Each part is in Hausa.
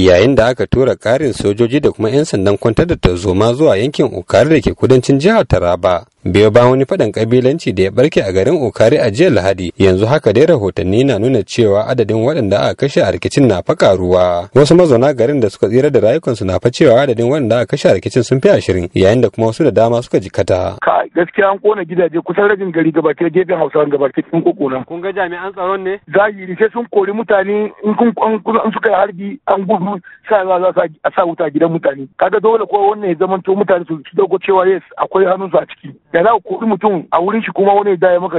yayin da aka tura ƙarin sojoji da kuma 'yan sandan kwantar da tarzoma zuwa yankin ukari da ke kudancin jihar taraba biyo ba wani faɗan kabilanci da ya barke a garin okari a jiya lahadi yanzu haka dai rahotanni na nuna cewa adadin waɗanda aka kashe a rikicin na faƙaruwa wasu mazauna garin da suka tsira da rayukansu na fa cewa adadin waɗanda aka kashe a rikicin sun fi ashirin yayin da kuma wasu da dama suka jikata. gaskiya an kona gidaje kusan rajin gari gabaki gefen hausawan gabaki sun kokona. kun ga jami'an tsaron ne. zahiri sai sun kori mutane in kun an suka yi harbi an gudu sa za a sa wuta gidan mutane kaga dole ko wannan ya zamanto mutane su dauko cewa yes akwai su a ciki. da za ku kori mutum a wurin shi kuma wani da ya maka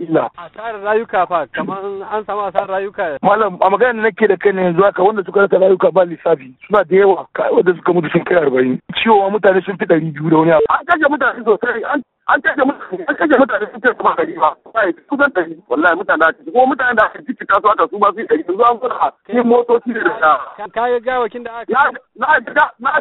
illa. Asarar rayuka fa kamar an samu asarar rayuka. Malam a magana da nake da kai ne yanzu haka wanda suka rasa rayuka ba lissafi suna da yawa wanda suka mutu sun kai arba'in. Ciwo mutane sun fi ɗari biyu da wani abu. An kashe mutane sosai an an kashe mutane an kashe mutane sun kai kuma gari ba wallahi kusan wallahi mutane kuma mutane da aka jikita su aka su ba su dari yanzu an zura cikin motoci da da ka ga gawakin da aka na ga na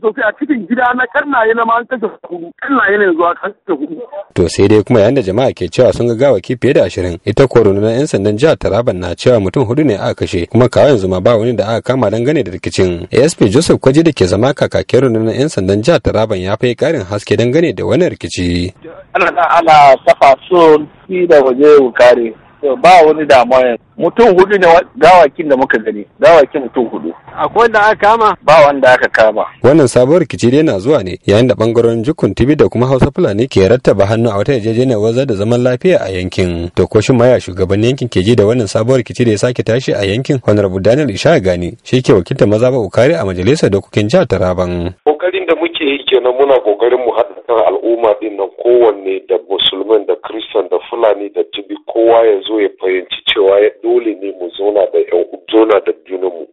sosai a cikin gida na karnaye na ma an kashe hudu karnaye ne yanzu an kashe hudu to sai dai kuma yayin da jama'a ke cewa sun ga gawaki fiye da ashirin ita korona na yan sandan jihar Taraban na cewa mutum hudu ne aka kashe kuma kawai yanzu ma ba wani da aka kama dangane da rikicin ASP Joseph Kwaji da ke zama kakakin rundunar yan sandan jihar Taraban ya fai karin haske dangane da wannan rikici ana da ana tafa so fi da waje kare ba wani damuwa mutum hudu ne gawakin da muka gani gawakin mutum hudu akwai wanda aka kama ba wanda aka kama wannan sabuwar rikici dai na zuwa ne yayin da bangarorin jukun tibi da kuma hausa fulani ke rattaba hannu a wata yarjejeniyar wazar da zaman lafiya a yankin to ko shin maya shugaban yankin ke ji da wannan sabuwar rikici da ya sake tashi a yankin honorable daniel isha gani shi ke wakilta maza ba ukari a majalisar dokokin jihar taraban kokarin da muke yi kenan muna kokarin mu haɗa kan al'umma din nan kowanne da musulman da kristan da fulani da tibi kowa ya zo ya fahimci cewa dole ne mu zauna da yan zauna da junanmu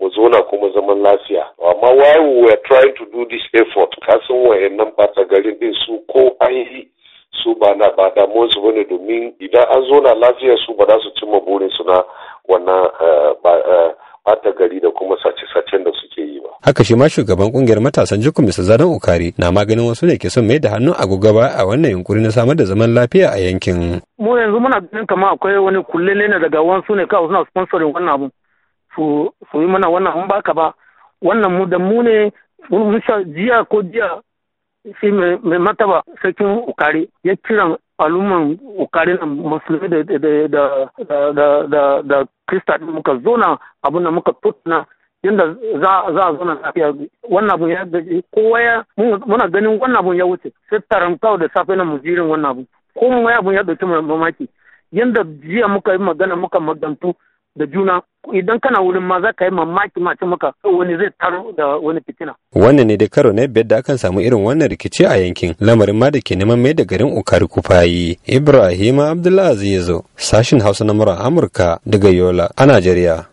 mu zauna kuma zaman lafiya amma why we were trying to do this effort kasan wayannan bata garin din su ko an yi su ba na ba damuwar su bane domin idan an zauna lafiya su ba za su cimma burin su na wannan eh, bata eh, gari da kuma sace-sacen da suke yi ba. Haka shi ma shugaban kungiyar matasan jikun Mr. Zadan Ukari na maganin wasu ne ke son mai da hannun agogaba a wannan yunkuri na samar da zaman lafiya a yankin. Mu yanzu muna ganin kama akwai wani kulle ne daga wansu ne kawai suna sponsorin wannan abun. su yi mana wannan an baka ba wannan mu da mu ne mun jiya ko jiya shi mai mataba sarkin ukari ya kira al'umman ukari na musulmi da krista muka zona abin da muka tutuna yadda za a zona lafiya wannan abun ya kowa ya muna ganin wannan abun ya wuce sai taron kawo da safe na mujirin wannan abun ko mun ya abun ya dauki mamaki yadda jiya muka yi magana muka magantu da juna idan kana wurin ma za ka yi mamaki mace maka wani zai taro da wani fitina. Wannan ne da karo na biyar da akan samu irin wannan rikici a yankin lamarin ma da ke neman mai da garin Ukari Kufayi. Ibrahim Abdullahi Azizu, sashin Hausa na Amurka daga Yola a Najeriya.